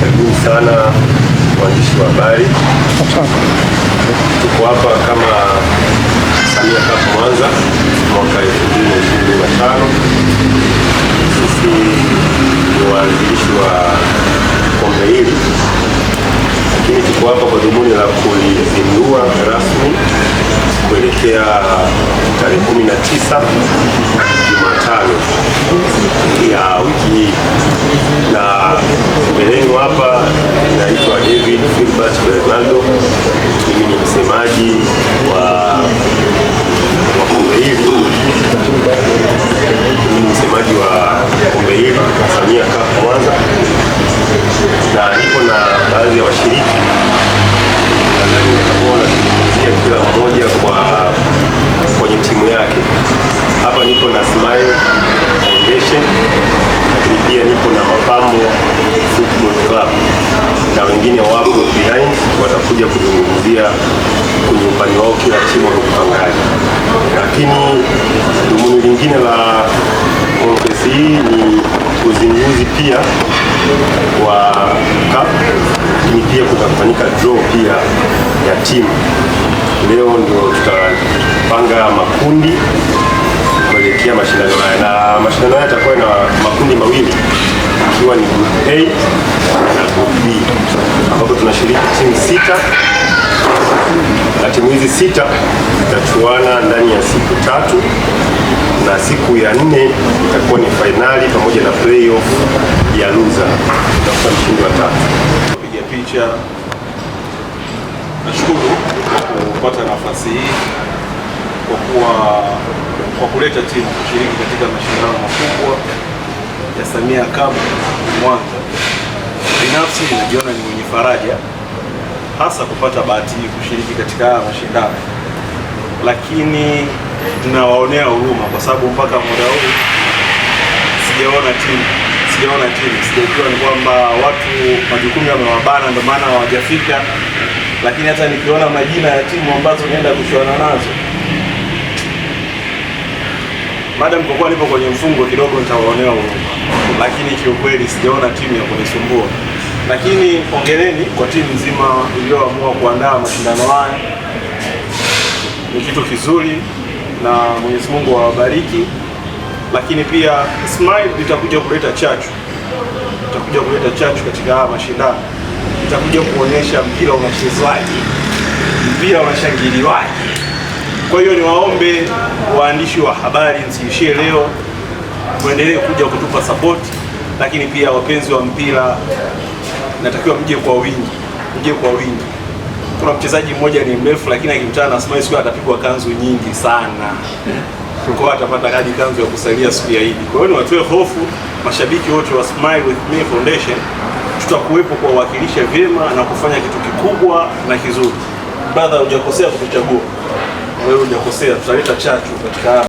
Karibuni sana waandishi wa habari, tuko hapa kama Samia Cup Mwanza mwaka 2025. Sisi ni waanzilishi wa kombe hili, lakini tuko hapa kwa dhumuni la kulizindua rasmi kuelekea tarehe 19 Jumatano ya wiki hii mbeleni hapa. Naitwa David Filbert Bernardo, mimi ni msemaji wa kombe hili, mimi ni msemaji wa kombe hili Samia Cup Mwanza, na niko na baadhi ya washiriki anazungumzia kila mmoja kwa kwenye timu yake. Hapa niko na Smile Foundation, lakini pia niko na wengine wapo behind, watakuja kuzungumzia kwenye upande wao kila timu wamepangaje. Lakini dhumuni lingine la kongresi hii ni uzinduzi pia wa cup, lakini pia kutafanyika draw pia ya timu. Leo ndio tutapanga makundi kuelekea mashindano haya, na mashindano haya yatakuwa na makundi mawili, ikiwa ni group A B ambapo tunashiriki timu sita na timu hizi sita zitachuana ndani ya siku tatu na siku ya nne itakuwa ni fainali pamoja na playoff ya luza kutafuta mshindi wa tatu. Kupiga picha, nashukuru kupata nafasi hii kwa kuwa kwa kuleta timu kushiriki katika mashindano makubwa ya Samia Cup Mwanza. Binafsi nilijiona ni mwenye faraja hasa kupata bahati hii kushiriki katika haya mashindano, lakini tunawaonea huruma kwa sababu mpaka muda huu sijaona timu sijaona timu, sijajua ni kwamba watu majukumu yamewabana, ndio maana hawajafika. Lakini hata nikiona majina ya timu ambazo naenda kuchuana nazo Madam kwa kuwa nipo kwenye mfungo kidogo nitawaonea huruma, lakini kiukweli sijaona timu ya kunisumbua lakini hongereni kwa timu nzima iliyoamua kuandaa mashindano haya. Ni kitu kizuri na Mwenyezi Mungu awabariki, lakini pia Smile litakuja kuleta chachu, itakuja kuleta chachu katika haya mashindano, itakuja kuonyesha mpira unachezwaje, mpira unashangiliwaje. Kwa hiyo niwaombe waandishi wa habari, nsiishie leo, muendelee kuja kutupa sapoti, lakini pia wapenzi wa mpira natakiwa mje kwa wingi, mje kwa wingi. Kuna mchezaji mmoja ni mrefu, lakini akimtana na siku atapigwa kanzu nyingi sana kwa atapata kadi kanzu ya kusalia siku ya Idi. Kwa hiyo niwatoe hofu mashabiki wote wa Smile with Me Foundation, tutakuwepo kuwawakilisha vyema na kufanya kitu kikubwa na kizuri. Brother, hujakosea kutuchagua wewe, hujakosea. Tutaleta chachu katika